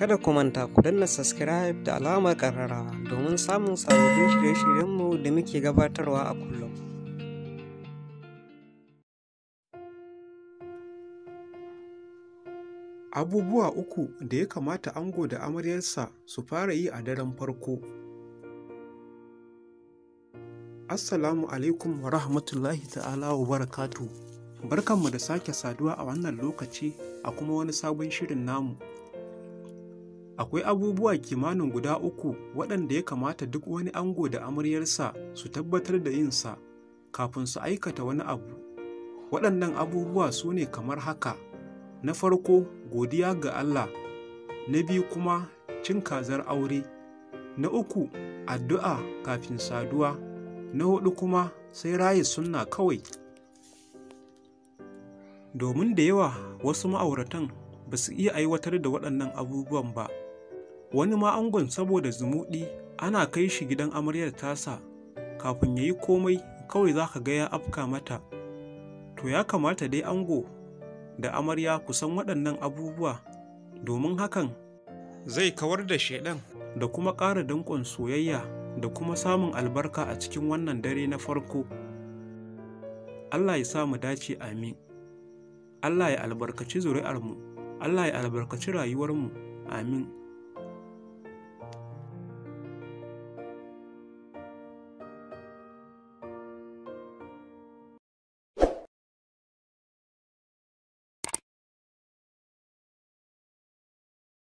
Kada ku manta ku danna subscribe da alamar ƙararrawa domin samun sababbin shirye-shiryenmu da muke gabatarwa a kullum. Abubuwa uku da ya kamata ango da amaryarsa su fara yi a daren farko. Assalamu alaikum wa rahmatullahi ta'ala wa barakatu. Barkanmu da sake saduwa a wannan lokaci a kuma wani sabon shirin namu Akwai abubuwa kimanin guda uku waɗanda ya kamata duk wani ango da amaryarsa su tabbatar da yinsa kafin su aikata wani abu. Waɗannan abubuwa su ne kamar haka, na farko godiya ga Allah, na biyu kuma cin kazar aure, na uku addu'a kafin saduwa, na hudu kuma sai raye sunna kawai. Domin da yawa wasu ma'auratan ba su iya aiwatar da waɗannan abubuwan ba wani ma angon saboda zumuɗi ana kai shi gidan amaryar tasa kafin ya yi komai kawai za ka ga ya afka mata to ya kamata dai ango da amarya kusan waɗannan abubuwa domin hakan zai kawar da shaidan da kuma ƙara dankon soyayya da kuma samun albarka a cikin wannan dare na farko Allah ya sa mu dace amin Allah ya albarkaci zuri'armu Allah ya albarkaci rayuwarmu amin